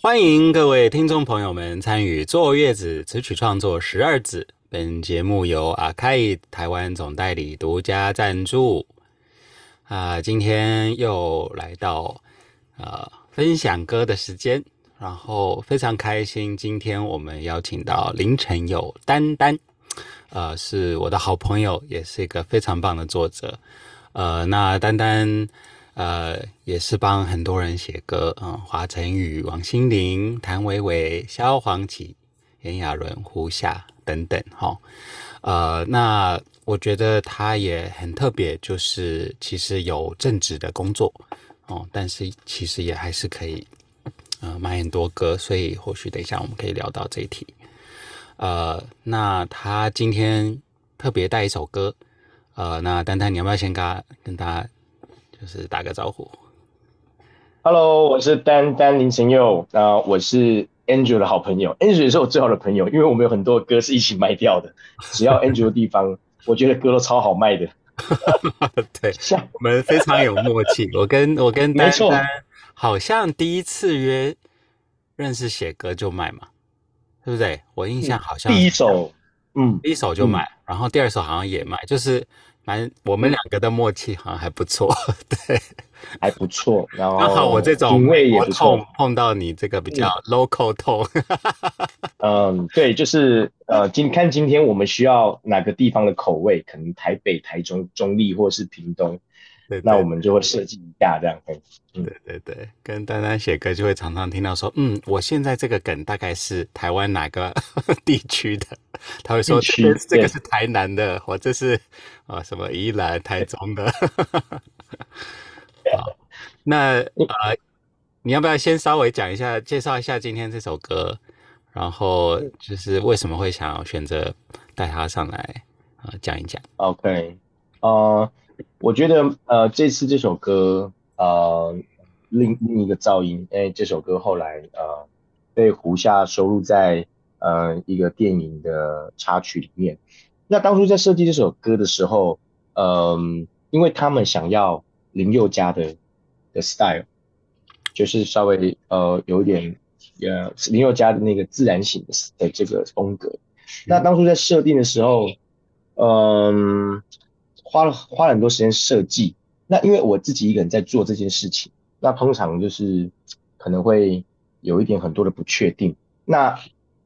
歡迎各位聽眾朋友們參與《做樂子》詞曲創作十二子。本節目由 AKAI 台灣總代理獨家贊助。啊、呃，今天又來到呃分享歌的時間，然後非常開心。今天我們邀請到林承佑 DanDan，呃，是我的好朋友，也是一個非常棒的作者。呃，那丹丹。呃，也是幫很多人寫歌，嗯、呃，華晨宇、王心凌、譚維維、蕭煌奇、炎亞綸、胡夏等等，哈，呃，那我覺得他也很特別，就是其實有正職的工作，哦、呃，但是其實也還是可以，呃，買很多歌，所以或許等一下我們可以聊到這一題，呃，那他今天特別帶一首歌，呃，那丹丹，你要不要先跟他跟他？就是打個招呼，Hello，我是丹丹林承佑那、呃、我是 Andrew 的好朋友，Andrew 也是我最好的朋友，因為我們有很多歌是一起賣掉的，只要 Andrew 的地方， 我覺得歌都超好賣的。 對，像我們非常有默契。我跟我跟丹丹。好像第一次約認識寫歌就賣嘛，對不對？我印象好像第一首，嗯，第一首，第一首就賣、嗯，然後第二首好像也賣就是。蠻，我們兩個的默契，好像還不錯，嗯，對，還不錯。剛好我這種 Moto，味也不錯，我碰碰到你這個比較 local tone 哈，嗯， 嗯，對，就是呃，今看今天我們需要哪個地方的口味，可能台北、台中、中立，或是屏東。對，那我們就會設計一下這樣子，嗯。對對對，跟丹丹寫歌就會常常聽到說，嗯，我現在這個梗大概是台灣哪個地區的？他會說這個這個是台南的，或者是啊什麼宜蘭、台中的。 好，那啊、呃嗯，你要不要先稍微講一下，介紹一下今天這首歌，然後就是為什麼會想要選擇帶他上來啊，呃，講一講。OK，哦，uh...。我覺得呃，這次這首歌呃，另另一個噪音，因為，這首歌後來呃被胡夏收錄在呃一個電影的插曲裡面。那當初在設計這首歌的時候，嗯、呃，因為他們想要林宥嘉的的 style，就是稍微呃有一點呃林宥嘉的那個自然醒的這個風格、嗯。那當初在設定的時候，嗯、呃。花了花了很多時間設計，那因為我自己一個人在做這件事情，那通常就是可能會有一點很多的不確定。那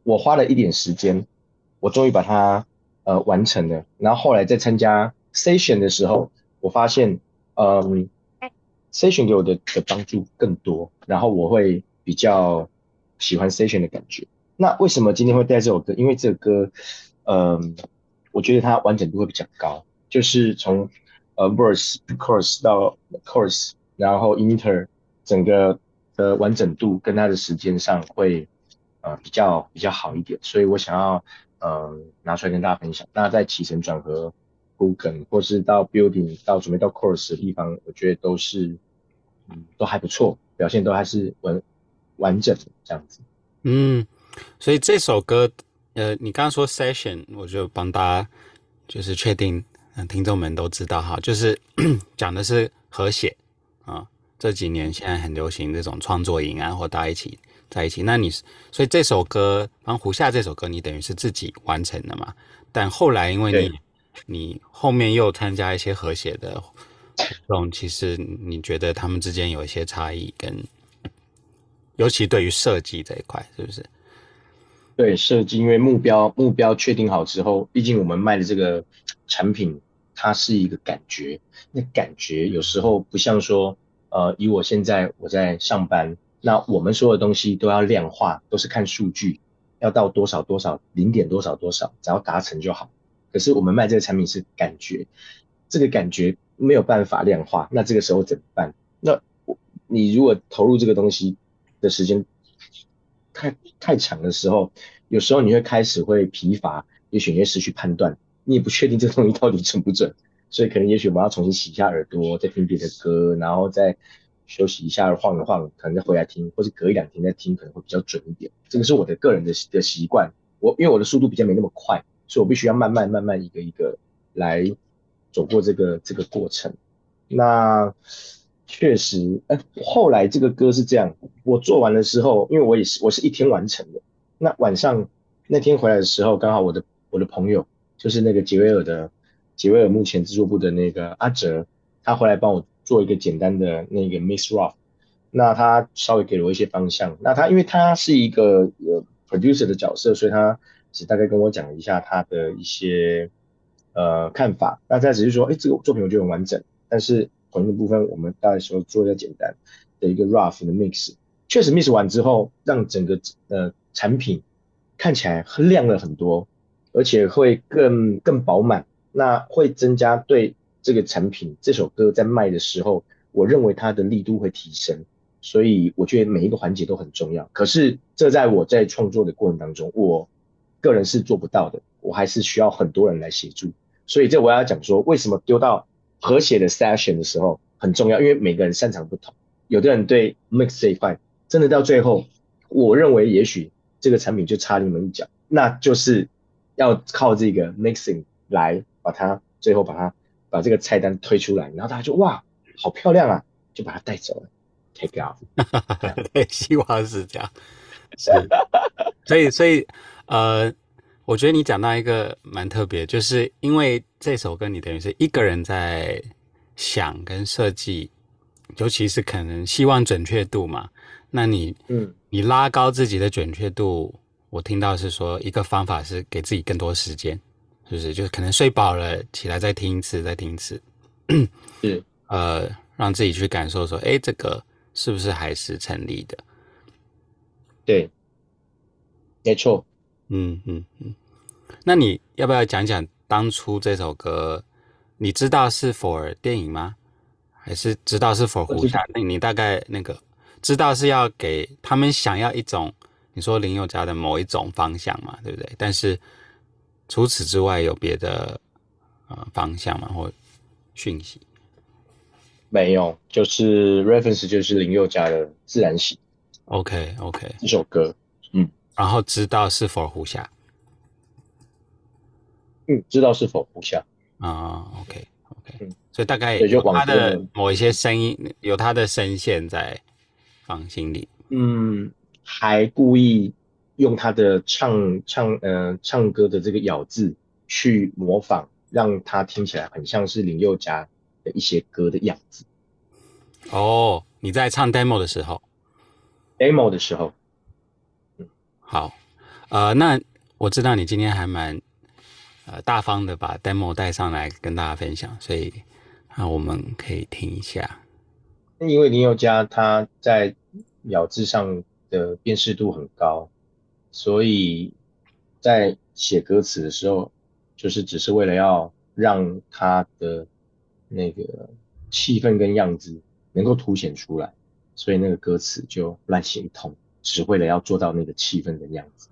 我花了一點時間，我終於把它呃完成了。然後後來在參加 Session 的時候，我發現、呃、嗯，Session 給我的的幫助更多，然後我會比較喜歡 Session 的感覺。那為什麼今天會帶這首歌？因為這首歌嗯、呃，我覺得它完整度會比較高。就是從呃 verse、chorus 到 chorus 然後 inter 整個的完整度，跟它的時間上會呃比較比較好一點，所以我想要呃拿出來跟大家分享。那在起承轉合、鋪梗或是到 building 到準備到 chorus 的地方，我覺得都是嗯都還不錯，表現都還是完完整的這樣子。嗯，所以這首歌呃你剛剛說 session，我就幫大家就是確定。那聽眾們都知道哈，就是 講的是合寫啊，這幾年現在很流行這種創作營啊，或大家一起在一起。那你所以這首歌，然後胡夏這首歌，你等於是自己完成的嘛？但後來因為你你後面又參加一些合寫的活動，這種其實你覺得他們之間有一些差異跟，跟尤其對於設計這一塊，是不是？對，設計，因為目標目標確定好之後，畢竟我們賣的這個。產品它是一個感覺，那感覺有時候不像說，呃，以我現在我在上班，那我們所有的東西都要量化，都是看數據，要到多少多少，零點多少多少，只要達成就好。可是我們賣這個產品是感覺，這個感覺沒有辦法量化，那這個時候怎麼辦？那你如果投入這個東西的時間太太長的時候，有時候你會開始會疲乏，也選擇失去判斷。你也不確定這東西到底準不準，所以可能也許我們要重新洗一下耳朵，再聽別的歌，然後再休息一下，晃一晃，可能再回來聽，或是隔一兩天再聽，可能會比較準一點。這個是我的個人的的習慣，我因為我的速度比較沒那麼快，所以我必須要慢慢慢慢一個一個來走過這個這個過程。那確實，哎，後來這個歌是這樣，我做完的時候，因為我也是我是一天完成的，那晚上那天回來的時候，剛好我的我的朋友。就是那個杰威爾的，杰威爾目前制作部的那個阿哲，他回來幫我做一個簡單的那個 mix rough，那他稍微給了我一些方向。那他因為他是一個呃 producer 的角色，所以他只大概跟我講一下他的一些呃看法。那他只是說，哎、欸，這個作品我覺得很完整，但是同一個部分我們大概說做一個簡單的一個 rough 的 mix。確實 mix 完之後，讓整個呃產品看起來亮了很多。而且會更更飽滿，那會增加對這個產品、這首歌在賣的時候，我認為它的力度會提升。所以我覺得每一個環節都很重要。可是這在我在創作的過程當中，我個人是做不到的，我還是需要很多人來協助。所以這我要講說，為什麼丟到和諧的 session 的時候很重要，因為每個人擅長不同，有的人對 mix 這一塊，真的到最後，我認為也許這個產品就差那麼一腳，那就是。要靠這個 mixing 來把它最後把它把這個菜單推出來，然後大家就哇，好漂亮啊，就把它帶走了，take off 哈哈，對，希望是這樣。是， 所以所以呃，我覺得你講到一個蠻特別，就是因為這首歌你等於是一個人在想跟設計，尤其是可能希望準確度嘛，那你嗯，你拉高自己的準確度。我聽到是說，一個方法是給自己更多時間，是不是？就是可能睡飽了起來再聽一次，再聽一次， 是呃，讓自己去感受說，哎，這個是不是還是成立的？對，沒錯，嗯嗯嗯。那你要不要講講當初這首歌？你知道是 for 電影嗎？還是知道是 for 胡夏？那你大概那個知道是要給他們想要一種。你說林宥嘉的某一種方向嘛，對不對？但是除此之外有別的、呃、方向嘛，或訊息沒有，就是 reference 就是林宥嘉的自然醒。OK OK，這首歌嗯，然後知道是否胡夏嗯，知道是否胡夏啊？OK OK，嗯、所以大概也有他的某一些聲音、嗯，有他的聲線在放心裡，嗯。還故意用他的唱唱呃唱歌的這個咬字去模仿，讓他聽起來很像是林宥嘉的一些歌的樣子。哦，你在唱 demo 的時候，demo 的時候，嗯，好，呃，那我知道你今天還蠻呃大方的，把 demo 帶上來跟大家分享，所以那，啊，我們可以聽一下。因為林宥嘉他在咬字上。的辨識度很高，所以在寫歌詞的時候，就是只是為了要讓他的那個氣氛跟樣子能夠凸顯出來，所以那個歌詞就亂寫一通，只為了要做到那個氣氛的樣子。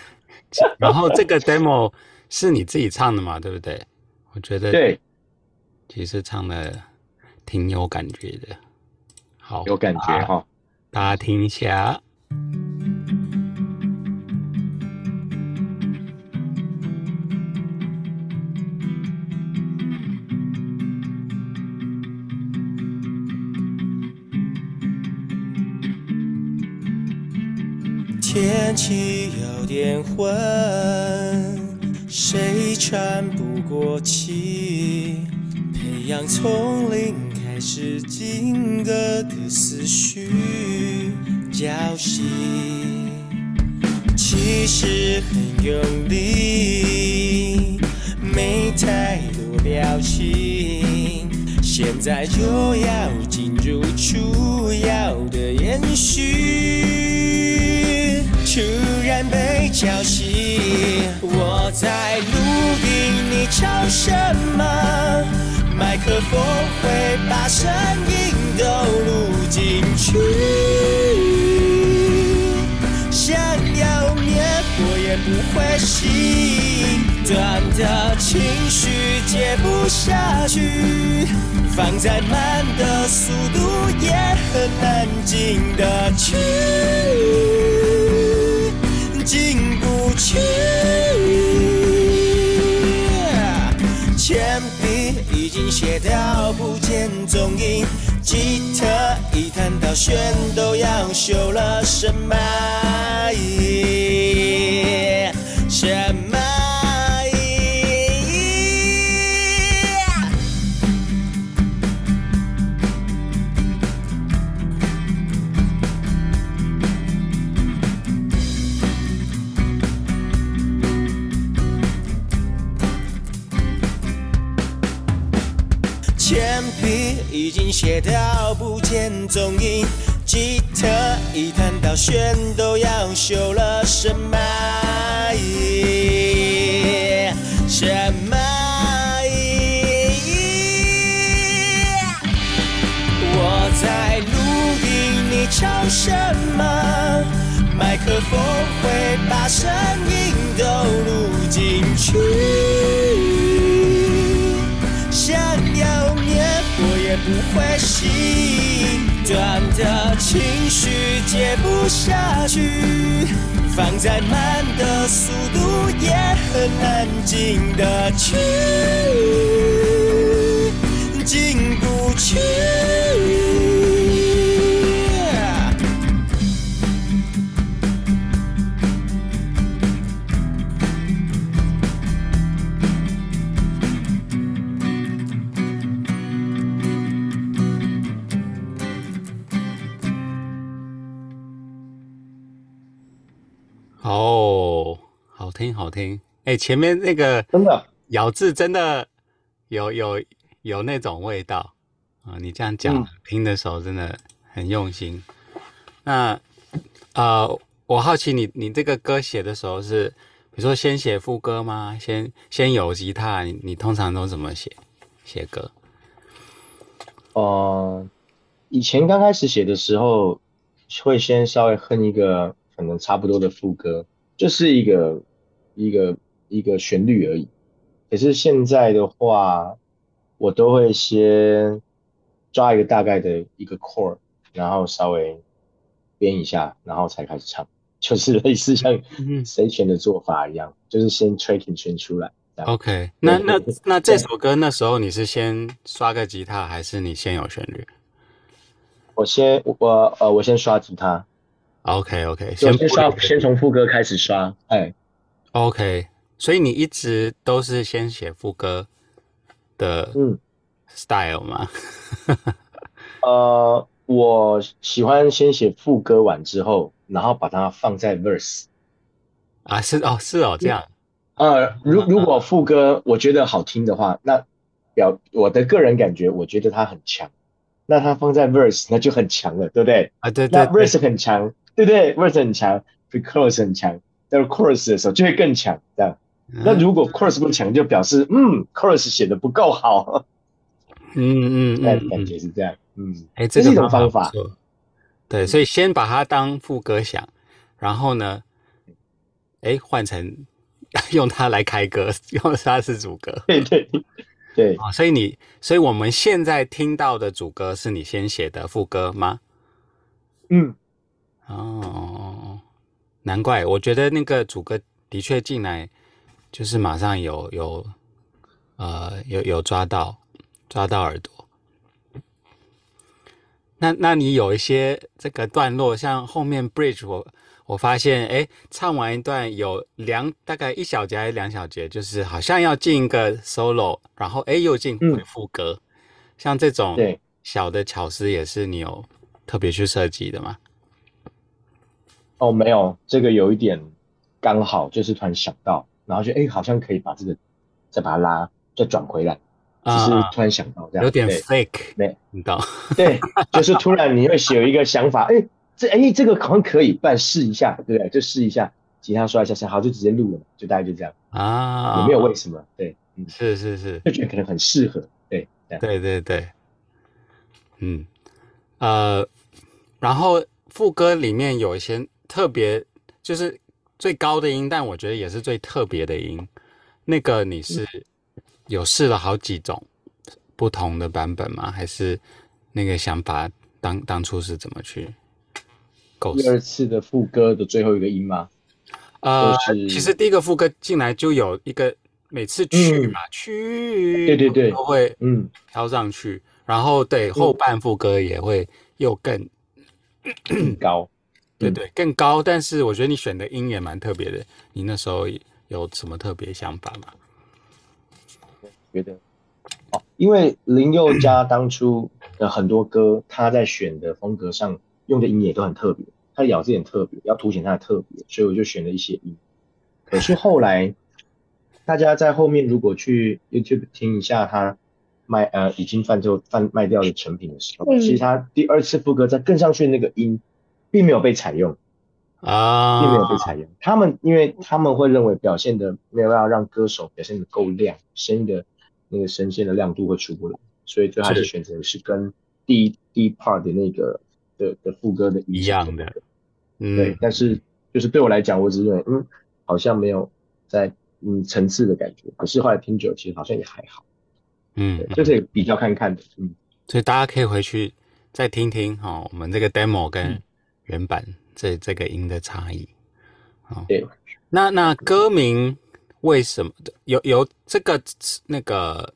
然後這個 demo 是你自己唱的嘛？ 對不對？我覺得對，其實唱的挺有感覺的，好有感覺哈。啊啊打聽下，天氣有點昏，誰喘不過氣？培養從零開始禁歌的思緒。交息其實很用力，沒太多表情。現在就要進入主要的延續。突然被叫醒，我在錄音，你唱什麼？麥克風會把聲音都錄進去。想要滅我也不會熄，短的情緒接不下去，放再慢的速度也很難進得去，進不去。鉛筆已經寫到不見蹤影，吉他。一談到玄都要修了，什麼？什麼？也不見蹤影，吉他一彈到弦，都要鏽了什意，什麼？什麼？我在錄音，你唱什麼？麥克風會把聲音都錄進去，想要。不會心短的情緒，接不下去；放再慢的速度，也很難進得去，進不去。.哦、oh，好聽好聽！哎、欸，前面那個真的咬字真的有真的有有，有那種味道啊！你這樣講聽、嗯、的時候真的很用心。那呃，我好奇你你這個歌寫的時候是，比如說先寫副歌嗎？先先有吉他？你你通常都怎麼寫寫歌？哦、呃，以前剛開始寫的時候會先稍微哼一個。可能差不多的副歌，就是一個一個一個旋律而已。可是現在的話，我都會先抓一個大概的一個 core，然後稍微編一下，然後才開始唱，就是類似像神仙的做法一樣，嗯、就是先 tracking 全出來。OK，以以那那那這首歌那時候你是先刷個吉他，還是你先有旋律？我先我呃我先刷吉他。OK，OK，okay, okay, 先不刷，先從副歌開始刷，okay, 哎，OK，所以你一直都是先寫副歌的，嗯，style 嗎？呃，我喜歡先寫副歌完之後，然後把它放在 verse 啊，是哦，是哦，這樣啊，如、嗯呃、如果副歌我覺得好聽的話，那表我的個人感覺，我覺得它很強，那它放在 verse 那就很強了，對不對？啊，對對，對，那 verse 很強。對不對，對，對？Verse 很強，because 很強，但 Chorus 的時候就會更強，嗯、那如果 Chorus 不強，就表示嗯，Chorus 寫的不夠好。嗯嗯嗯，嗯，那嗯，感覺是這樣。嗯，哎，這是什麼方法？這個、對、嗯，所以先把它當副歌想，然後呢，哎，換成用它來開歌，用它是主歌。對對對、哦。所以你，所以我們現在聽到的主歌是你先寫的副歌嗎？嗯。哦，難怪我覺得那個主歌的確進來，就是馬上有有，呃，有有抓到抓到耳朵。那那你有一些這個段落，像後面 bridge，我我發現哎，唱完一段有兩大概一小節還是兩小節，就是好像要進一個 solo，然後哎又進回副歌，嗯，像這種小的巧思也是你有特別去設計的嗎？哦，沒有，這個有一點剛好，就是突然想到，然後就哎、欸，好像可以把這個再把它拉再轉回來，uh, 只是突然想到這樣，有點 fake，沒聽到。對，no. 對 就是突然你會寫一個想法，哎、 欸，這哎、欸，這個好像可以，但試一下，對不對，就試一下，其他說一下，想好就直接錄了，就大概就這樣啊，也、uh, 沒有為什麼，對，嗯、uh,，是是是，就覺得可能很適合，對，這樣，對對對，嗯，呃，然後副歌裡面有一些。特別就是最高的音，但我覺得也是最特別的音。那個你是有試了好幾種不同的版本嗎？還是那個想法當當初是怎麼去構思，第二次的副歌的最後一個音嗎？呃，其實第一個副歌進來就有一個每次去嘛去，嗯，對對對，都會嗯飄上去，嗯，然後對，嗯、後半副歌也會又更高。嗯 對對，更高。但是我覺得你選的音也蠻特別的。你那時候有什麼特別想法嗎？嗯、覺得、哦。因為林宥嘉當初的很多歌， 他在選的風格上用的音也都很特別，他的咬字也很特別，要凸顯他的特別，所以我就選了一些音。可是後來 大家在後面如果去 YouTube 聽一下他賣呃已經販售販賣掉的成品的時候，嗯、其實他第二次副歌再更上去那個音。並沒有被採用啊，並沒有被採用。他們因為他們會認為表現的沒有辦法讓歌手表現的夠亮，聲音的那個聲線的亮度會出不來，所以最後就選擇是跟第一，是第一 part 的那個的的副歌的一樣的、嗯。對，但是就是對我來講，我只是認為嗯，好像沒有在嗯層次的感覺。可是後來聽久，其實好像也還好。嗯，就是比較看看的。嗯，所以大家可以回去再聽聽哈，我們這個 demo 跟、嗯。原版這這個音的差異，哦、對，那那歌名為什麼有有這個詞？那個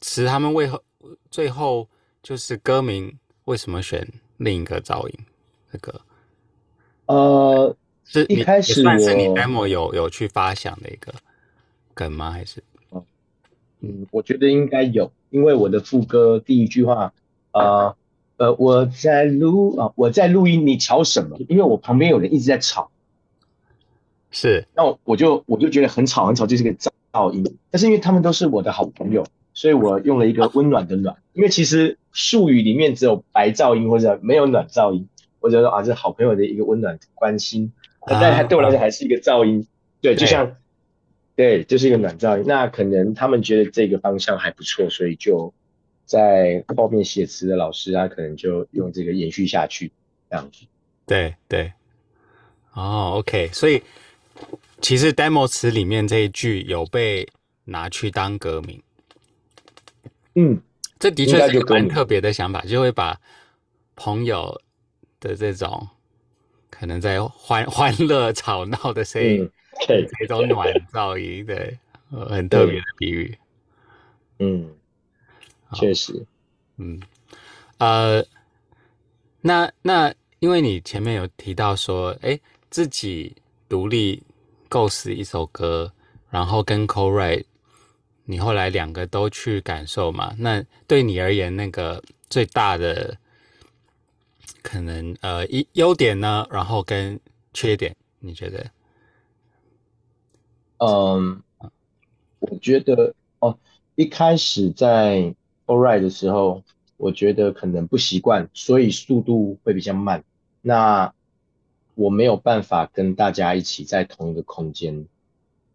詞他們為何最後就是歌名為什麼選另一個噪音？那、這個呃，是一開始你是你 demo 有有，有去發想的一個梗嗎？還是？嗯，我覺得應該有，因為我的副歌第一句話啊。呃呃，我在錄啊，我在錄音，你吵什麼？因為我旁邊有人一直在吵，是，那我就我就覺得很吵，很吵，就是個噪音。但是因為他們都是我的好朋友，所以我用了一個溫暖的暖、啊，因為其實術語裡面只有白噪音或者沒有暖噪音。我覺得啊，是好朋友的一個溫暖關心，但對我來講還是一個噪音。啊、對，就像對、啊，對，就是一個暖噪音。那可能他們覺得這個方向還不錯，所以就。在報面寫詞的老師、啊，他可能就用這個延續下去，這樣子。對對，哦、oh,，OK。所以其實 demo 詞裡面這一句有被拿去當歌名。嗯，這的確是個很特別的想法就，就會把朋友的這種可能在歡歡樂吵鬧的聲音，嗯、對，對這種暖噪音，對，對、呃，很特別的比喻。嗯。好，確實，嗯，呃，那那因為你前面有提到說，哎、欸，自己獨立構思一首歌，然後跟 co-write 你後來兩個都去感受嘛？那對你而言，那個最大的可能呃一優點呢？然後跟缺點，你覺得？嗯，我覺得哦，一開始在，co-write 的時候，我覺得可能不習慣，所以速度會比較慢。那我沒有辦法跟大家一起在同一個空間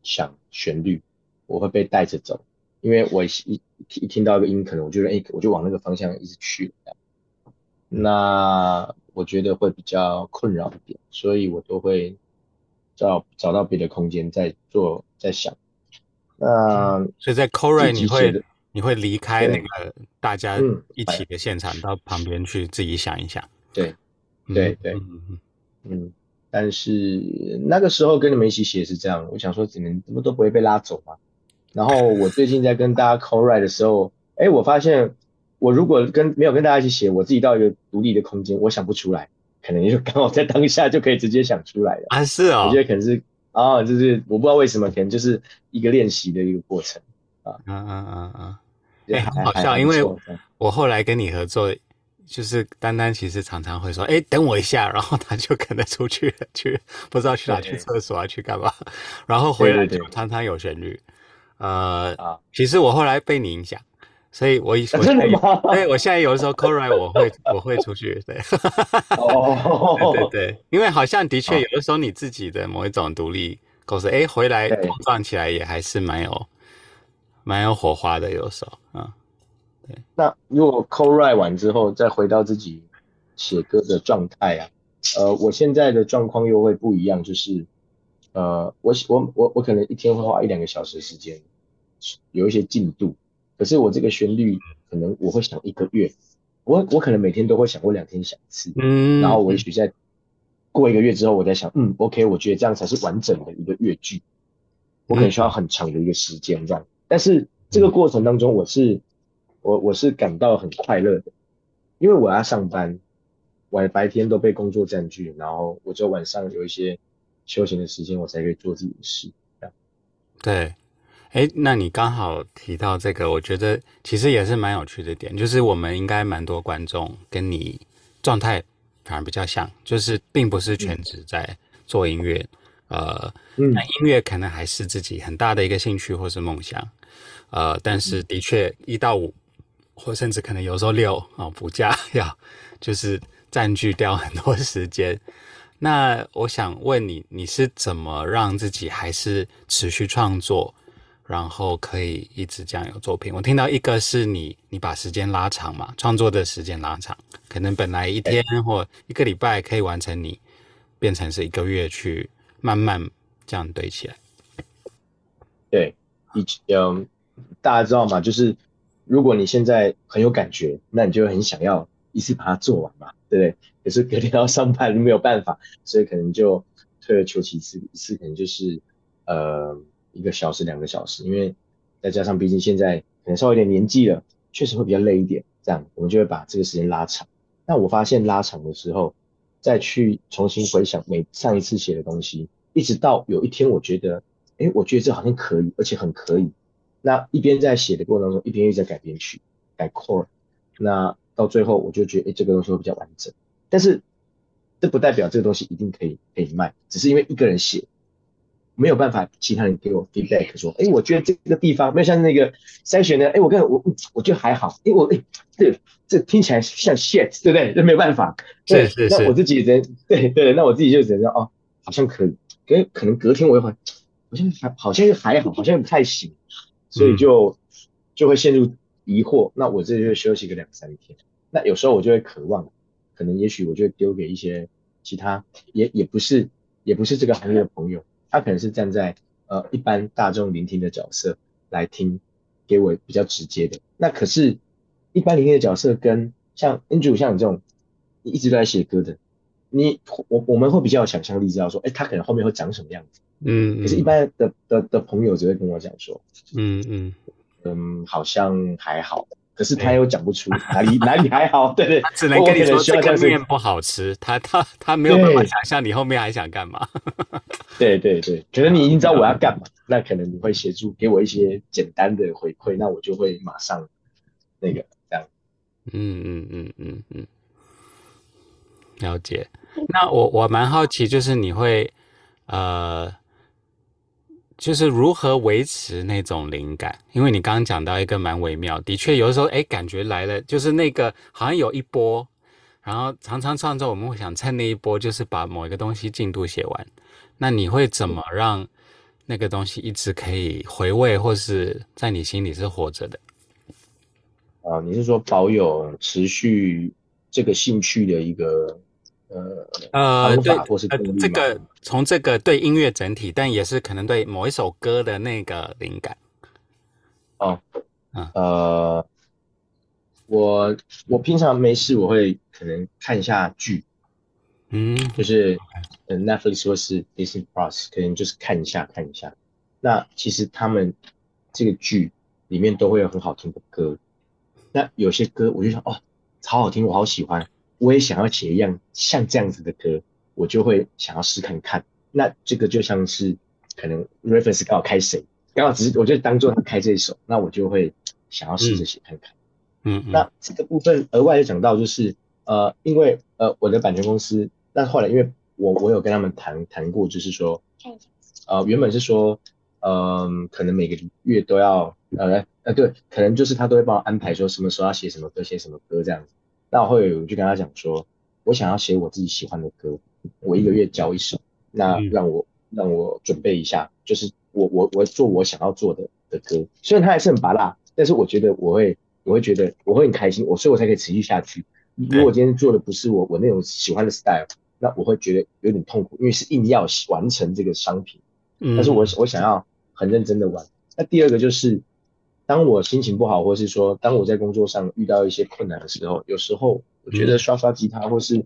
想旋律，我會被帶着走，因為我一一,一聽到一個音，可能我就哎、欸，我就往那個方向一直去。那我覺得會比較困擾一點，所以我都會找找到別的空間再做，再想。那所以在 co-write 你會。你會離開那個大家一起的現場，到旁邊去自己想一想。對，對對，嗯，嗯，但是那個時候跟你們一起寫是這樣，我想說怎麼怎麼都不會被拉走嘛、啊。然後我最近在跟大家 co-write 的時候，哎、 欸，我發現我如果跟沒有跟大家一起寫，我自己到一個獨立的空間，我想不出來，可能就剛好在當下就可以直接想出來的。啊是哦，我覺得可能是啊，就是我不知道為什麼，可能就是一個練習的一個過程啊啊啊啊啊。哎，欸、好笑，因為我後來跟你合作，就是丹丹其實常常會說：“哎、欸，等我一下。”然後他就可能出去了，去不知道去哪，對對對，去廁所啊，去幹嘛。然後回來就常常有旋律。呃，其實我後來被你影響，所以我以我哎、欸，我現在有的時候 co-write，我會 我會出去。對，哦、 對，對對，因為好像的確有的時候你自己的某一種獨立、哦、可是，哎、欸，回來放起來也還是蠻有。蠻有火花的有，有時候啊，對。那如果 co-write 完之後，再回到自己寫歌的狀態啊，呃，我現在的狀況又會不一樣，就是，呃，我我我我可能一天會花一兩個小時時間，有一些進度，可是我這個旋律可能我會想一個月，我我可能每天都會想，過兩天想一次，嗯，然後我也許在過一個月之後，我再想，嗯，OK，我覺得這樣才是完整的一個樂句，我可能需要很長的一個時間這樣。嗯但是這個過程當中我、嗯，我是我我是感到很快樂的，因為我要上班，晚白天都被工作占據，然後我就晚上有一些休閒的時間，我才可以做自己的事。對，哎、欸，那你剛好提到這個，我覺得其實也是蠻有趣的點，就是我們應該蠻多觀眾跟你狀態反而比較像，就是並不是全職在做音樂、嗯，呃，那、嗯、音樂可能還是自己很大的一個興趣或是夢想。呃，但是的確，一到五，或甚至可能有時候六啊，補假要就是占據掉很多時間。那我想問你，你是怎麼讓自己還是持續創作，然後可以一直這樣有作品？我聽到一個是你，你把時間拉長嘛，創作的時間拉長，可能本來一天或一個禮拜可以完成你，你變成是一個月去慢慢這樣堆起來。對，一直這樣。大家知道嗎？就是如果你現在很有感覺，那你就會很想要一次把它做完嘛，對不對？可是隔天要上班沒有辦法，所以可能就退而求其次，一次可能就是呃一個小時、兩個小時。因為再加上畢竟現在可能稍微有點年紀了，確實會比較累一點。這樣我們就會把這個時間拉長。那我發現拉長的時候，再去重新回想每上一次寫的東西，一直到有一天我覺得，哎，我覺得這好像可以，而且很可以。那一邊在寫的過程當中，一邊又一在改編曲、改 chord。那到最後，我就覺得，欸、這個東西會比較完整。但是，這不代表這個東西一定可以可以賣，只是因為一個人寫，沒有辦法，其他人給我 feedback 說，哎、欸，我覺得這個地方沒有像那個篩選的，哎、欸，我跟我我覺得還好，因、欸、為我哎，這、欸、這聽起來像 shit，對不對，對？這沒有辦法。對是是是那我自己只能對對，那我自己就覺得哦，好像可以，可可能隔天我又會好像，還好像還好像還好好像不太行。所以就就會陷入疑惑，嗯、那我這就休息個兩三天。那有時候我就會渴望，可能也許我就會丟給一些其他也也不是也不是這個行業的朋友，他可能是站在呃一般大眾聆聽的角色來聽，給我比較直接的。那可是一般聆聽的角色跟像 Andrew 像你這種，你一直都在寫歌的，你我我們會比較有想象力，知道說，哎、欸，他可能後面會長什麼樣子。嗯，可是，一般的、嗯、的的、的朋友只會跟我講說，就是、嗯嗯嗯，好像還好，可是他又講不出、欸、哪裡哪裡還好， 對，對對， 他只能跟你說 這個麵不好吃，他他他沒有辦法想象你後面還想幹嘛。 對對對，覺得你已經知道我要幹嘛、嗯，那可能你會協助給我一些簡單的回饋，那我就會馬上那個這樣。嗯嗯嗯嗯嗯，了解。那我我蠻好奇，就是你會呃。就是如何維持那種靈感？因為你剛剛講到一個蠻微妙，的確有的時候，哎、欸，感覺來了，就是那個好像有一波，然後常常創作，我們會想趁那一波，就是把某一個東西進度寫完。那你會怎麼讓那個東西一直可以回味，或是在你心裡是活着的？啊，你是說保有持續這個興趣的一個？呃呃，呃，對，我、呃、是，這個從這個對音樂整體，但也是可能對某一首歌的那個靈感。哦，嗯、呃，我我平常沒事，我會可能看一下劇，嗯，就是呃 Netflix、okay. 或是 Disney Plus，可能就是看一下看一下。那其實他們這個劇裡面都會有很好聽的歌，那有些歌我就想，哦，超好聽，我好喜歡。我也想要寫一樣像這樣子的歌，我就會想要試看看。那這個就像是可能 reference 剛好開誰，剛好只是我就當做他開這一首，那我就會想要試着寫看看。嗯、嗯、嗯。那這個部分額外的講到就是呃，因為呃我的版權公司，但後來因為我我有跟他們談談過，就是說看一下。呃，原本是說嗯、呃，可能每個月都要呃呃對，可能就是他都會幫我安排說什麼時候要寫什麼歌，寫什麼歌這樣子。那我會，我就跟他講說，我想要寫我自己喜歡的歌，嗯，我一個月交一首，那讓我，嗯、讓我準備一下，就是我我我做我想要做的的歌，雖然他還是很芭樂，但是我覺得我會我會覺得我會很開心，我所以，我才可以持續下去。嗯、如果我今天做的不是我我那種喜歡的 style，那我會覺得有點痛苦，因為是硬要完成這個商品。但是我我想要很認真的玩。嗯、那第二個就是。當我心情不好，或是說，當我在工作上遇到一些困難的時候，有時候我覺得刷刷吉他，嗯、或是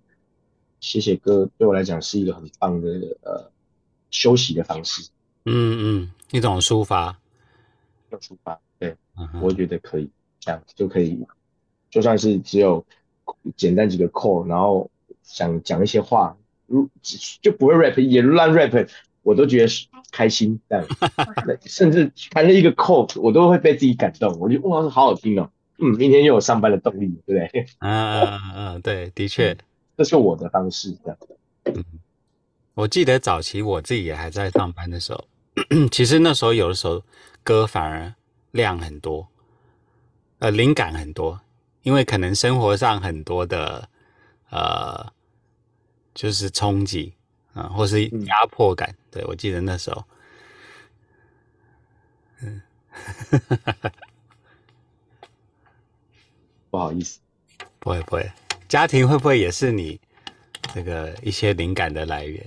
寫寫歌，對我來講是一個很棒的呃休息的方式。嗯嗯，你懂抒發？抒發，對、嗯，我覺得可以，這樣就可以，就算是只有簡單幾個扣，然後想講一些話，如就不會 rap，也亂 rap。我都覺得是開心，這樣，甚至反正一個 chord 我都會被自己感動。我就得哇，是好好聽哦，嗯，明天又有上班的動力，對不對？嗯嗯嗯，對，的確，這是我的方式，這樣。嗯，我記得早期我自己也還在上班的時候，其實那時候有的時候歌反而量很多，呃，靈感很多，因為可能生活上很多的呃，就是衝擊。啊、嗯，或是壓迫感、嗯？對，我記得那時候，嗯， 不好意思，不會不會，家庭會不會也是你這個一些靈感的來源？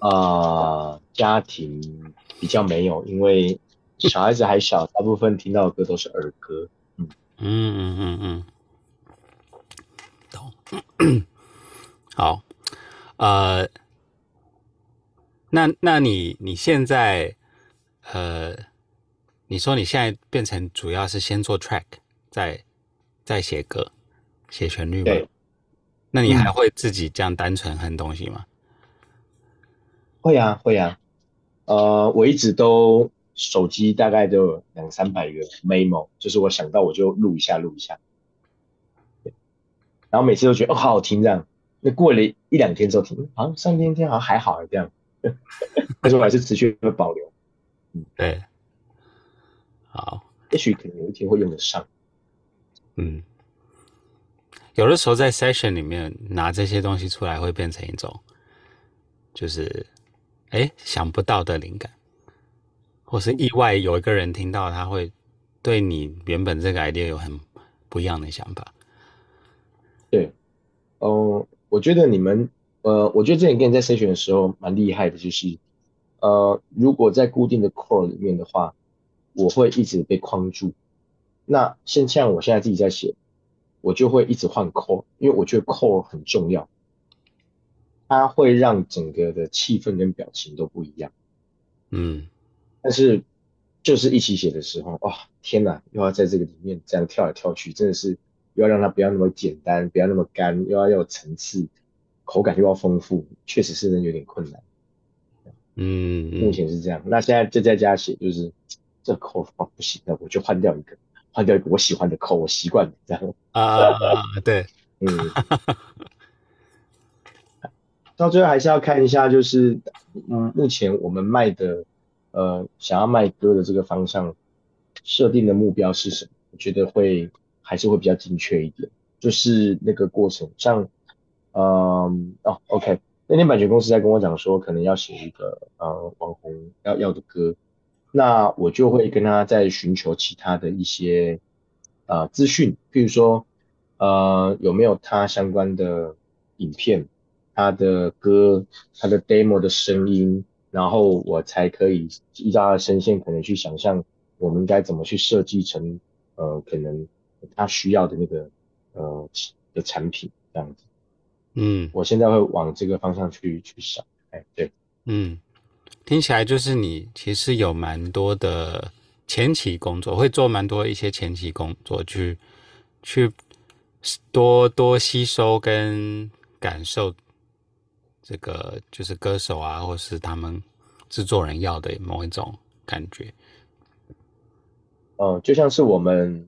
啊、呃，家庭比較沒有，因為小孩子還小， 大部分聽到的歌都是兒歌。嗯嗯嗯嗯嗯，懂、嗯嗯， 好。呃，那那你你現在，呃，你說你現在變成主要是先做 track，再再寫歌，寫旋律嗎？對。那你還會自己這樣單純哼東西嗎？嗯、會啊會啊，呃，我一直都手機大概就兩三百個 memo，、嗯、就是我想到我就錄一下錄一下，然後每次都覺得哦好好聽這樣，那過了。一兩天之後停，好像三天一天好像還好啊，這樣，呵呵，但是我還是持續的保留。嗯， 對，好，也許可能有一天會用得上。嗯，有的時候在 session 裡面拿這些東西出來，會變成一種，就是，哎，想不到的靈感，或是意外有一個人聽到，他會對你原本這個 idea 有很不一樣的想法。對，哦。我覺得你們，呃，我覺得這點跟你在篩選的時候蠻厲害的，就是，呃，如果在固定的 core 裡面的話，我會一直被框住。那先像我現在自己在寫，我就會一直換 core，因為我覺得 core 很重要，它會讓整個的氣氛跟表情都不一樣。嗯，但是就是一起寫的時候，哇，天哪，又要在這個裡面這樣跳來跳去，真的是。要讓它不要那麼簡單，不要那麼乾，又要要有層次，口感又要豐富，確實是有點困難嗯。嗯，目前是這樣。那現在就在家寫，就是這口不行，那我就換掉一個，換掉一個我喜歡的口，我習慣了這樣啊，啊。對，嗯。 到最後還是要看一下，就是嗯，目前我們賣的呃，想要賣歌的這個方向，設定的目標是什麼？我覺得會還是會比較精確一點，就是那個過程，像，嗯，哦，OK，那天版權公司在跟我講說，可能要寫一個呃網紅要要的歌，那我就會跟他在尋求其他的一些呃資訊，譬如說，呃有沒有他相關的影片，他的歌，他的 demo 的聲音，然後我才可以依照他的聲線，可能去想象我們應該怎麼去設計成，呃，可能。他需要的那個呃的產品這樣子，嗯，我現在會往這個方向去去想，哎，對，嗯，聽起來就是你其實有蠻多的前期工作，會做蠻多一些前期工作去，去去多多吸收跟感受這個就是歌手啊，或是他們制作人要的某一種感覺，哦，呃，就像是我們。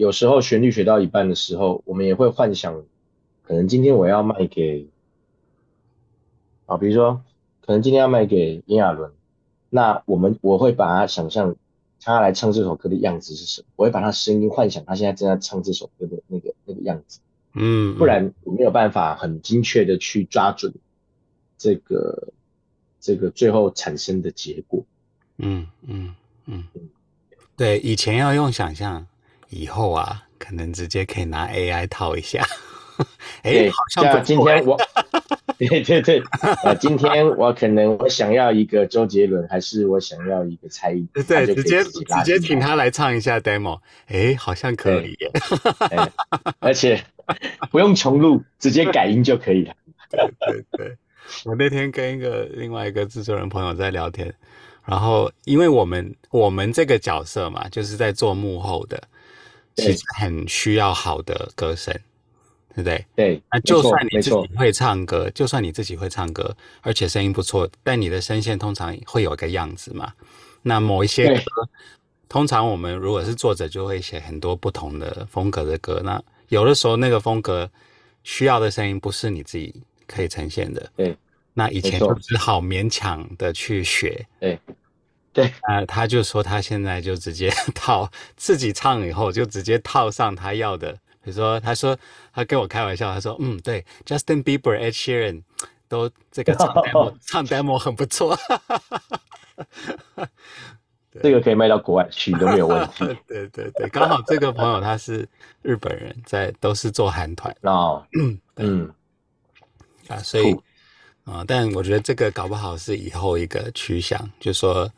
有時候旋律學到一半的時候，我們也會幻想，可能今天我要賣給啊，比如說，可能今天要賣給炎亞綸，那我們我會把他想象他來唱這首歌的樣子是什麼，我會把他聲音幻想他現在正在唱這首歌的那個那個樣子，嗯，不然我沒有辦法很精確的去抓準這個這個最後產生的結果，嗯嗯嗯，對，以前要用想象以後啊，可能直接可以拿 AI 套一下。哎、 欸，對，好像、啊、今天我， 對對對，啊、呃，今天我可能我想要一個周杰倫，還是我想要一個蔡依林？對，直接直接請他來唱一下 demo。哎、 欸，好像可以。而且不用重錄， 直接改音就可以了。 對對對，我那天跟一個另外一個製作人朋友在聊天，然後因為我們我們這個角色嘛，就是在做幕後的。其實很需要好的歌聲，對，對不對？對。那就算你自己會唱歌，就算你自己會唱歌，而且聲音不錯，但你的聲線通常會有一個樣子嘛。那某一些歌，通常我們如果是作者，就會寫很多不同的風格的歌。那有的時候那個風格需要的聲音，不是你自己可以呈現的。對。那以前就只好勉強的去學。哎。對對啊，他就說他現在就直接套自己唱以後就直接套上他要的，比如說他說他跟我開玩笑，他說嗯，對，Justin Bieber、Ed Sheeran 都這個唱 demo，、哦、唱 demo 很不錯 ，這個可以賣到國外去都沒有問題。 對對對，剛好這個朋友他是日本人，在都是做韓團哦，嗯， 對嗯啊，所以啊、嗯，但我覺得這個搞不好是以後一個趨向，就是、說。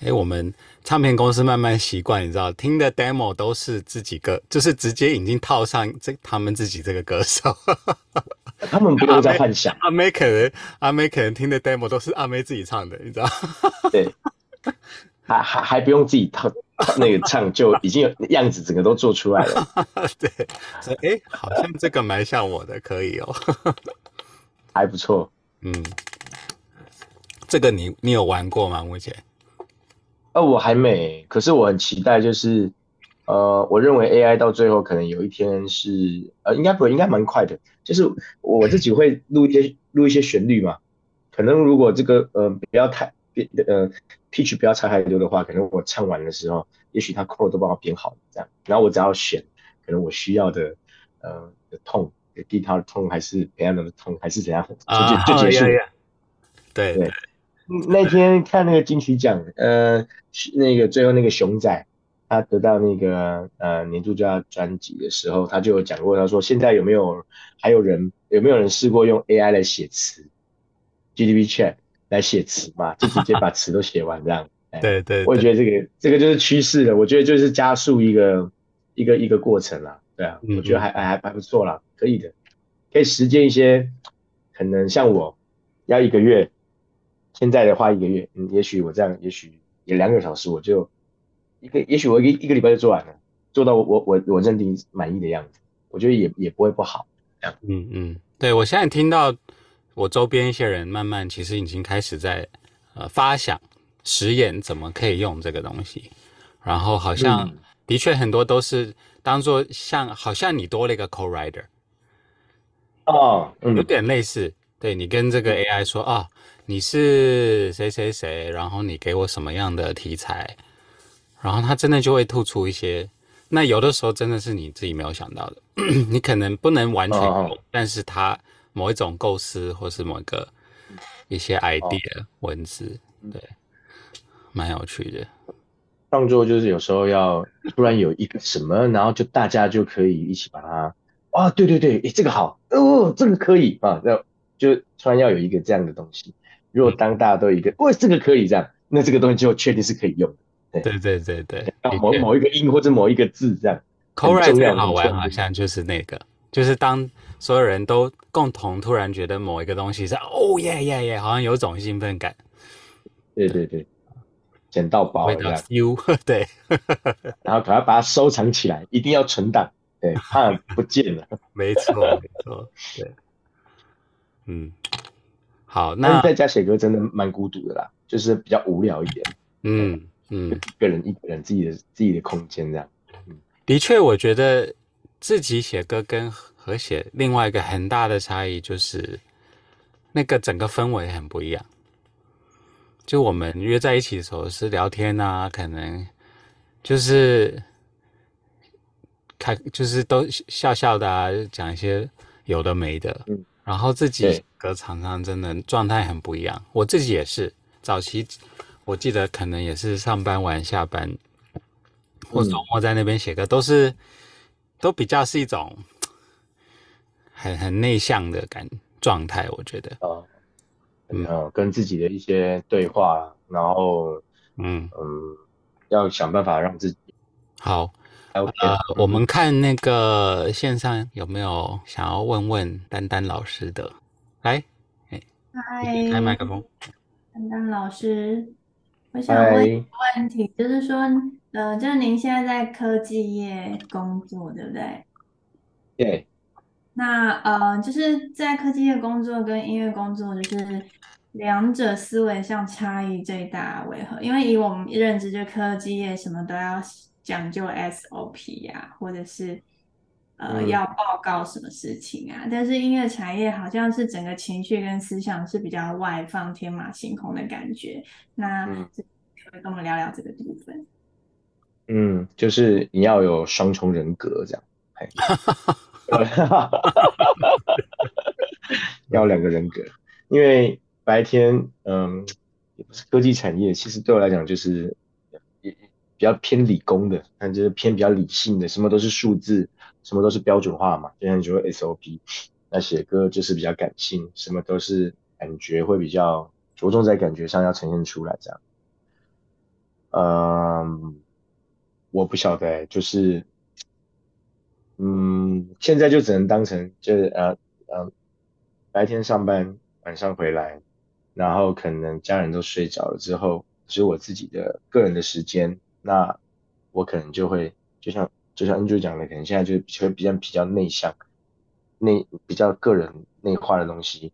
哎、欸，我們唱片公司慢慢習慣，你知道，聽的 demo 都是自己歌，就是直接已經套上這他們自己這個歌手， 他們不用再幻想。阿、啊、妹、啊、可能，阿、啊、妹可能聽的 demo 都是阿、啊、妹自己唱的，你知道？ 對，還、啊、還還不用自己套那個唱， 就已經有樣子，整個都做出來了。 對，所以，哎、欸，好像這個蠻像我的，可以哦， 還不錯。嗯，這個你你有玩過嗎？目前？那我還沒，可是我很期待，就是，呃，我認為 AI 到最後可能有一天是，呃，應該不會，應該蠻快的。就是我自己會錄一些錄一些旋律嘛，可能如果這個呃不要太編呃 pitch 不要差太多的話，可能我唱完的時候，也許他 chord 都幫我編好，這樣，然後我只要選，可能我需要的呃的 tone，guitar 的 tone 還是 piano 的 tone，還是怎樣，就就結束、uh。對。那天看那個金曲獎，呃，那個最後那個熊仔，他得到那個呃年度最佳專輯的時候，他就有講過，他說現在有沒有還有人有沒有人試過用 AI 來寫詞，GPT Chat 來寫詞嘛，就直接把詞都寫完這樣。 欸、對對、對，我也覺得這個這個就是趨勢了，我覺得就是加速一個一個一個過程了。對啊，我覺得還還、嗯嗯、還不錯啦，可以的，可以實踐一些，可能像我，要一個月。現在的話，一個月、嗯，也許我這樣，也許也兩個小時，我就一個，也許我一個一個禮拜就做完了，做到我我我認定滿意的樣子，我覺得也也不會不好，嗯嗯，對，我現在聽到我周邊一些人慢慢其實已經開始在、呃、發想實驗怎麼可以用這個東西，然後好像、嗯、的確很多都是當做像好像你多了一個 co-writer，哦、嗯，有點類似，對，你跟這個 AI 說、嗯、哦。你是誰誰誰？然後你給我什麼樣的題材？然後他真的就會吐出一些。那有的時候真的是你自己沒有想到的， 你可能不能完全懂、哦哦，但是他某一種構思或是某一個一些 idea、哦、文字，對，蠻有趣的。創作就是有時候要突然有一個什麼，然後就大家就可以一起把它啊，對對對，誒、欸，這個好哦，這個可以啊，就突然要有一個這樣的東西。如果當大家都一個，喂、嗯，這個可以這樣，那這個東西就確定是可以用的。對對，對對對，某某一個音或者某一個字這樣，yeah. 很重要的。我好，好像就是那個，就是當所有人都共同突然覺得某一個東西是，哦耶耶耶，好像有種興奮感。對對對，撿到寶了。Without、you，對， 然後趕快把它收藏起來，一定要存檔，對，怕不見了。 沒錯沒錯，對，嗯。好，那在家寫歌真的蠻孤獨的啦，就是比較無聊一點。嗯嗯，一個人一個人自己的自己的空間這樣。的確，我覺得自己寫歌跟合寫另外一個很大的差異就是，那個整個氛圍很不一樣。就我們約在一起的時候是聊天啊，可能就是看，就是都笑笑的啊，講一些有的沒的。嗯，然後自己。歌場上真的狀態很不一樣，我自己也是早期，我記得可能也是上班晚下班，或者我在那邊寫歌、嗯，都是都比較是一種很很內向的感狀態，我覺得哦、嗯，嗯，跟自己的一些對話，然後嗯嗯，嗯，要想辦法讓自己好。還、okay、有、呃嗯、我們看那個線上有沒有想要問問丹丹老師的。嗨，嗨，開麥克風。丹丹老師，我想問一個問題，Hi、就是說，呃，就是您現在在科技業工作，對不對？對、yeah.。那呃，就是在科技業工作跟音樂工作，就是兩者思維上差異最大，為何？因為以我們認知，就科技業什麼都要講究 SOP 呀、啊，或者是。呃，要報告什麼事情啊？嗯、但是音樂產業好像是整個情緒跟思想是比較外放、天馬行空的感覺。那、嗯、跟我們聊聊這個部分。嗯，就是你要有雙重人格這樣， 你要兩個人格，因為白天嗯，科技產業其實對我來講就是比較偏理工的，但就是偏比較理性的，什麼都是數字。什麼都是標準化嘛，就像你就會 SOP。那寫歌就是比較感性，什麼都是感覺，會比較着重在感覺上要呈現出來這樣。嗯，我不曉得，就是，嗯，現在就只能當成就是呃呃，白天上班，晚上回來，然後可能家人都睡着了之後，只有我自己的個人的時間，那我可能就會就像。就像 Andrew 講的，可能現在就是會比較比較內向，內比較個人內化的東西，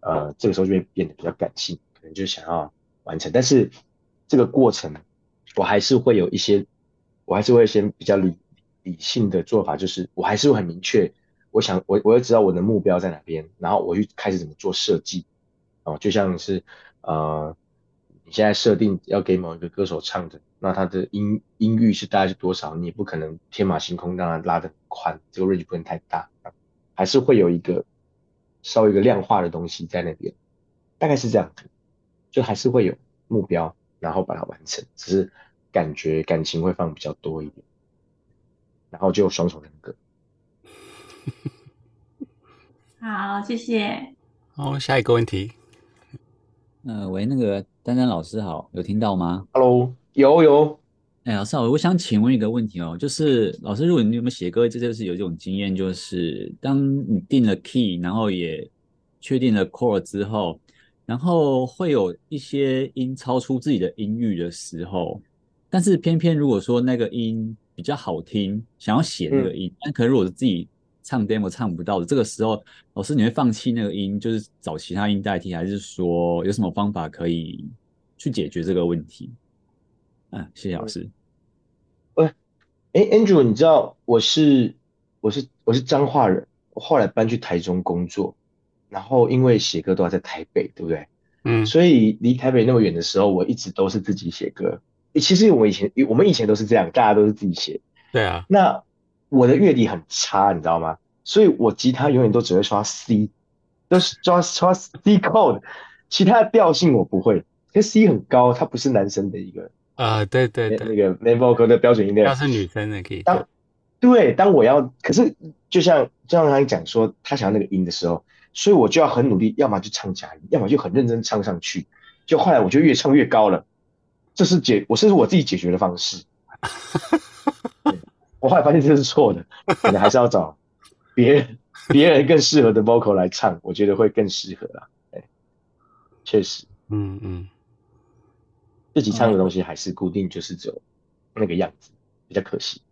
呃，這個時候就會變得比較感性，可能就想要完成。但是這個過程，我還是會有一些，我還是會先比較理理性的做法，就是我還是會很明確，我想我我要知道我的目標在哪邊，然後我就開始怎麼做設計，哦，呃，就像是呃。你現在設定要給某一個歌手唱的，那他的音音域是大概是多少？你也不可能天馬行空，讓他拉的寬，這個 range 不能太大，還是會有一個稍微一個量化的東西在那邊，大概是這樣，就還是會有目標，然後把它完成，只是感覺感情會放比較多一點，然後就雙重人格。好，謝謝。好，下一個問題，呃，喂，那個。丹丹老師好，有聽到嗎？Hello，有有。哎，老師好，我想請問一個問題哦，就是老師，如果你有沒有寫歌，這就是有這種經驗，就是當你定了 key，然後也確定了 chord 之後，然後會有一些音超出自己的音域的時候，但是偏偏如果說那個音比較好聽，想要寫那個音，嗯、但可是如果是自己唱 demo 唱不到的，這個時候，老師你會放棄那個音，就是找其他音代替，還是說有什麼方法可以？去解決這個問題，嗯，謝謝老師。喂、欸，哎，Andrew，你知道我是我是我是彰化人，我後來搬去台中工作，然後因為寫歌都要在台北，對不對？嗯，所以離台北那麼遠的時候，我一直都是自己寫歌。其實我以前我們以前都是這樣，大家都是自己寫。對啊。那我的樂理很差，你知道嗎？所以我吉他永遠都只會刷 C，都是刷刷 C chord，其他的調性我不會。實 C 很高，它不是男生的一個啊，呃、對，對對，那、那個 man vocal 的標準音量，是女生的可以當，對，當我要，可是就像就像剛才講說，他想要那個音的時候，所以我就要很努力，要麼就唱假音，要麼就很認真唱上去。就後來我就越唱越高了，這是解，我甚至我自己解決的方式。 我後來發現這是錯的，可能還是要找別人，別人更適合的 vocal 來唱，我覺得會更適合啦。哎，確實，嗯嗯。自己唱的東西還是固定，就是只有那個樣子，嗯，比較可惜。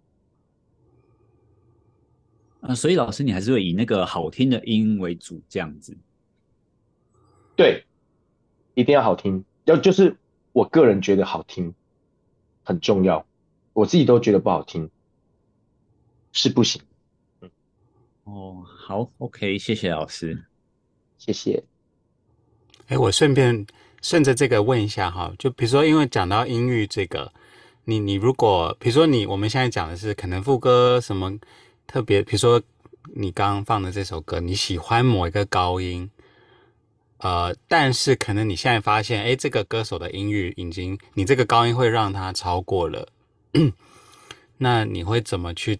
啊，所以老師，你還是會以那個好聽的音為主，這樣子？對，一定要好聽，要就是我個人覺得好聽很重要，我自己都覺得不好聽是不行。嗯，哦，好，OK，謝謝老師，謝謝。哎、欸，我順便。順着這個問一下哈，就比如說，因為講到音域這個，你你如果比如說你我們現在講的是可能副歌什麼特別，比如說你剛剛放的這首歌，你喜歡某一個高音，呃，但是可能你現在發現，哎，這個歌手的音域已經你這個高音會讓它超過了，那你會怎麼去，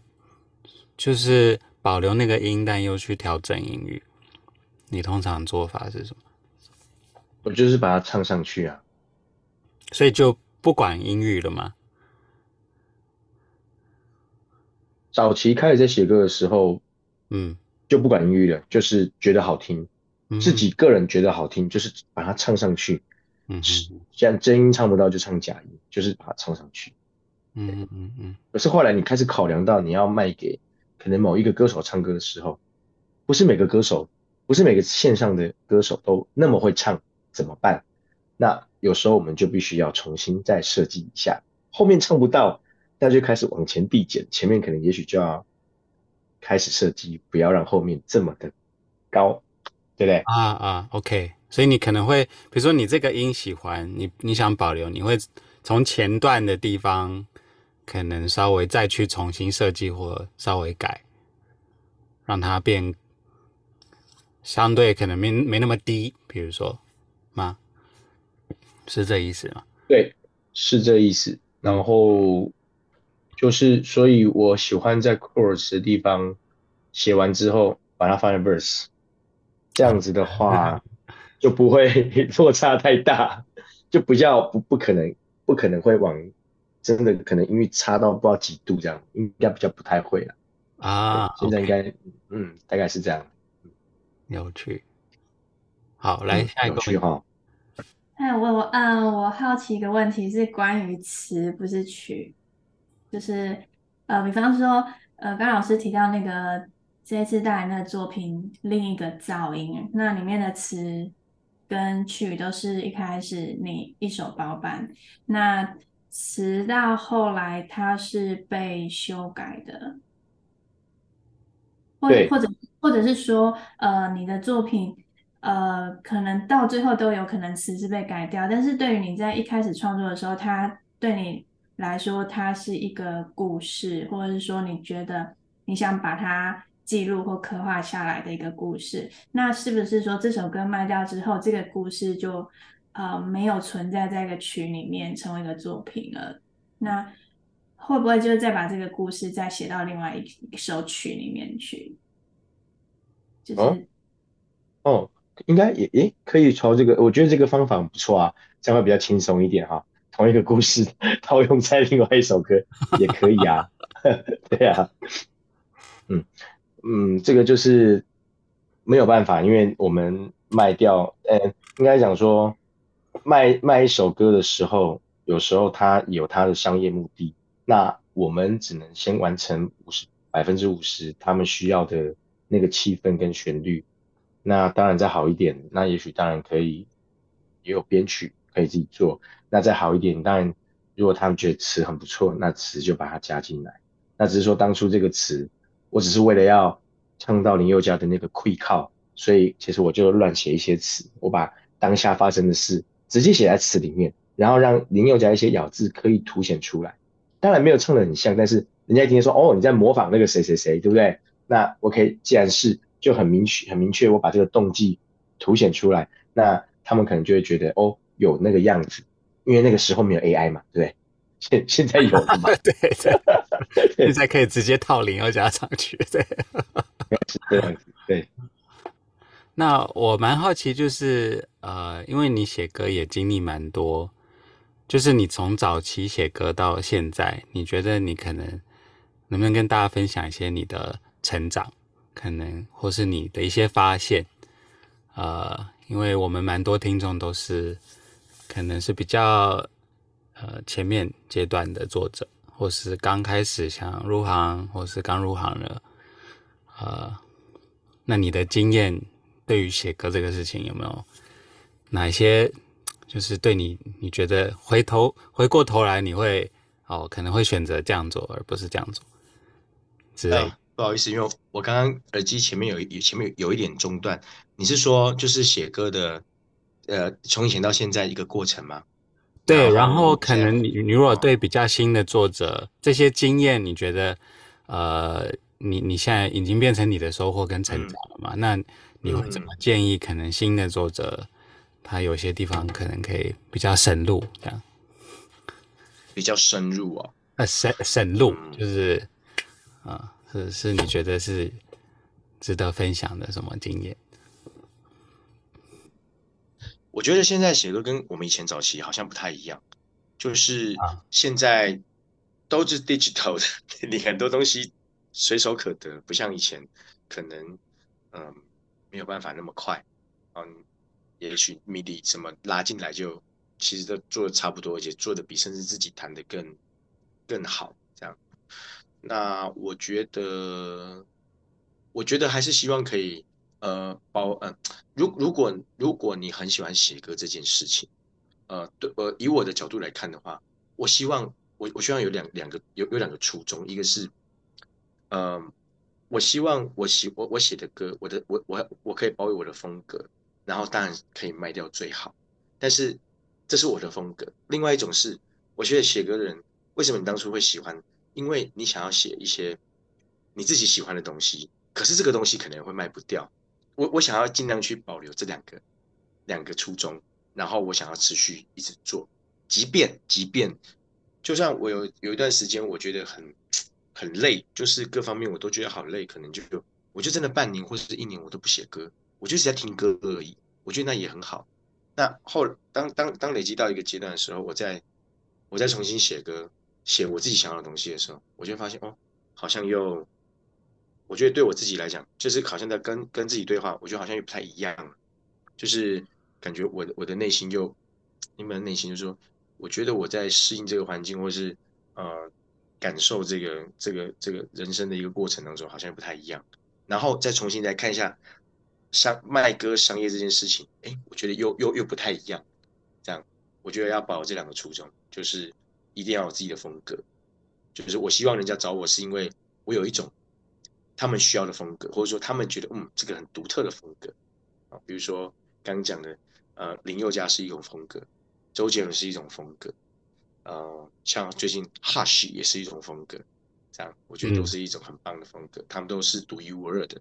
就是保留那個音，但又去調整音域？你通常做法是什麼？我就是把它唱上去啊，所以就不管音域了嗎？早期開始在寫歌的時候，嗯，就不管音域了，就是覺得好聽，自己個人覺得好聽，就是把它唱上去，嗯，是，像真音唱不到就唱假音，就是把它唱上去，嗯嗯嗯，可是後來你開始考量到你要賣給可能某一個歌手唱歌的時候，不是每個歌手，不是每個線上的歌手都那麼會唱。怎麼辦？那有時候我們就必須要重新再設計一下，後面唱不到，那就開始往前遞減，前面可能也許就要開始設計，不要讓後面這麼的高，對不對？啊啊，OK。所以你可能會，比如說你這個音喜歡，你你想保留，你會從前段的地方可能稍微再去重新設計或稍微改，讓它變相對可能沒沒那麼低，比如說。嗎？是這意思嗎？對，是這意思。然後就是，所以我喜歡在 chorus 的地方寫完之後，把它放在 verse。這樣子的話，嗯、 就不會落差太大，就比較不不可能，不可能會往真的可能因為差到不知道幾度這樣，應該比較不太會了啊。現在應該，okay，嗯，大概是這樣。有趣。好，來下一個哈。嗯哎，我嗯、呃，我好奇一個問題，是關於詞不是曲，就是呃，比方說呃，剛，剛老師提到那個這次帶來那個作品《另一個噪音》，那裡面的詞跟曲都是一開始你一手包辦，那詞到後來它是被修改的，或者或者或者是說呃，你的作品。呃，可能到最後都有可能歌詞被改掉，但是對於你在一開始創作的時候，它對你來說，它是一個故事，或者是說你覺得你想把它記錄或刻畫下來的一個故事，那是不是說這首歌賣掉之後，這個故事就呃沒有存在在一個曲裡面成為一個作品了？那會不會就再把這個故事再寫到另外一首曲裡面去？就是哦。哦應該也可以、欸、可以朝這個，我覺得這個方法不錯啊，這樣會比較輕鬆一點哈。同一個故事套用在另外一首歌也可以啊， 對啊，嗯嗯，這個就是沒有辦法，因為我們賣掉，嗯、欸，應該講說賣賣一首歌的時候，有時候他有他的商業目的，那我們只能先完成五十百分之五十他們需要的那個氣氛跟旋律。那當然再好一點，那也許當然可以，也有編曲可以自己做。那再好一點，當然如果他們覺得詞很不錯，那詞就把它加進來。那只是說當初這個詞，我只是為了要唱到林宥嘉的那個盔銬，所以其實我就亂寫一些詞，我把當下發生的事直接寫在詞裡面，然後讓林宥嘉一些咬字可以凸顯出來。當然沒有唱得很像，但是人家一聽說，哦，你在模仿那個誰誰誰，對不對？那 OK，既然是就很明確，很明確，我把這個動機凸顯出來，那他們可能就會覺得，哦，有那個樣子，因為那個時候沒有 AI 嘛，對，現在現在有了嘛，啊、對對， 對，現在可以直接套零二加上去，對，對。那我蠻好奇，就是呃，因為你寫歌也經歷蠻多，就是你從早期寫歌到現在，你覺得你可能能不能跟大家分享一些你的成長？可能或是你的一些發現，呃，因為我們蠻多聽眾都是，可能是比較呃前面階段的作者，或是剛開始想入行，或是剛入行了，呃，那你的經驗對於寫歌這個事情有沒有哪些，就是對你你覺得回頭回過頭來你會哦可能會選擇這樣做，而不是這樣做之類。Oh. 不好意思，因為我剛剛耳機前面有一，前面有一點中斷。你是說就是寫歌的，呃，從以前到現在一個過程嗎？對。然後可能你如果對比較新的作者、嗯、這些經驗，你覺得呃，你你現在已經變成你的收穫跟成長了嘛、嗯？那你會怎麼建議？可能新的作者他有些地方可能可以比較深入，這樣比較深入哦。呃，深深入就是啊。呃是是，是你覺得是值得分享的什麼經驗？我覺得現在寫歌跟我們以前早期好像不太一樣，就是現在都是 digital 的，啊、 你很多東西隨手可得，不像以前可能嗯沒有辦法那麼快。嗯，也許 MIDI 什麼拉進來就其實都做的差不多，而且做的比甚至自己彈的更更好。那我覺得，我覺得還是希望可以，呃，包，嗯、呃，如如果如果你很喜歡寫歌這件事情，呃，對，呃，以我的角度來看的話，我希望我我希望有兩兩個有有兩個初衷，一個是，嗯、呃，我希望我寫我我寫的歌，我的我我我可以保有我的風格，然後當然可以賣掉最好，但是這是我的風格。另外一種是，我覺得寫歌的人，為什麼你當初會喜歡？因為你想要寫一些你自己喜歡的東西，可是這個東西可能會賣不掉。我我想要盡量去保留這兩個兩個初衷，然後我想要持續一直做，即便即便就算我有有一段時間我覺得很很累，就是各方面我都覺得好累，可能就我就真的半年或是一年我都不寫歌，我就是在聽歌而已。我覺得那也很好。那後當當當累積到一個階段的時候，我再我再重新寫歌。寫我自己想要的東西的時候，我就會發現哦，好像又我覺得對我自己來講，就是好像在跟跟自己對話。我覺得好像又不太一樣，就是感覺我的我的內心又你們的內心就說，我覺得我在適應這個環境，或是呃感受這個這個這個人生的一個過程當中，好像又不太一樣。然後再重新來看一下商賣歌商業這件事情，哎，我覺得又又又不太一樣。這樣，我覺得要保有這兩個初衷，就是。一定要有自己的風格，就是我希望人家找我是因為我有一種他們需要的風格，或者說他們覺得嗯，這個很獨特的風格啊，比如說剛剛講的呃，林宥嘉是一種風格，周杰倫是一種風格，呃，像最近 Hush 也是一種風格，這樣我覺得都是一種很棒的風格，嗯、他們都是獨一無二的，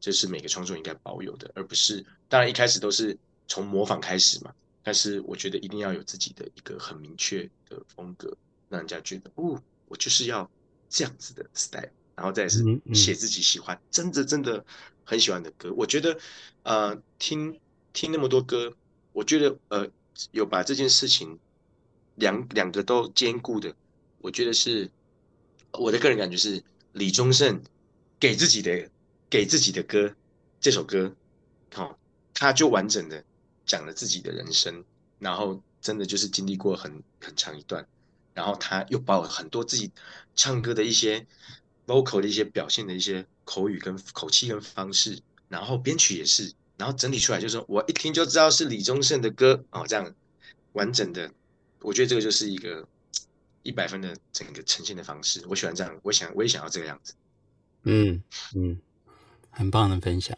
這、就是每個創作應該保有的，而不是當然一開始都是從模仿開始嘛。但是我覺得一定要有自己的一個很明確的風格，讓人家覺得哦，我就是要這樣子的 style，然後再是寫自己喜歡、嗯嗯、真的真的很喜歡的歌。我覺得，呃，聽聽那麼多歌，我覺得呃，有把這件事情兩兩個都兼顧的，我覺得是我的個人感覺是李宗盛給自己的給自己的歌這首歌，好、哦，他就完整的。講了自己的人生，然後真的就是經歷過很很長一段，然後他又把我很多自己唱歌的一些 vocal 的一些表現的一些口語跟口氣跟方式，然後編曲也是，然後整理出來，就是我一聽就知道是李宗盛的歌哦，這樣完整的。我覺得這個就是一個一百分的整個呈現的方式，我喜歡這樣，我想我也想要這個樣子，嗯嗯，很棒的分享。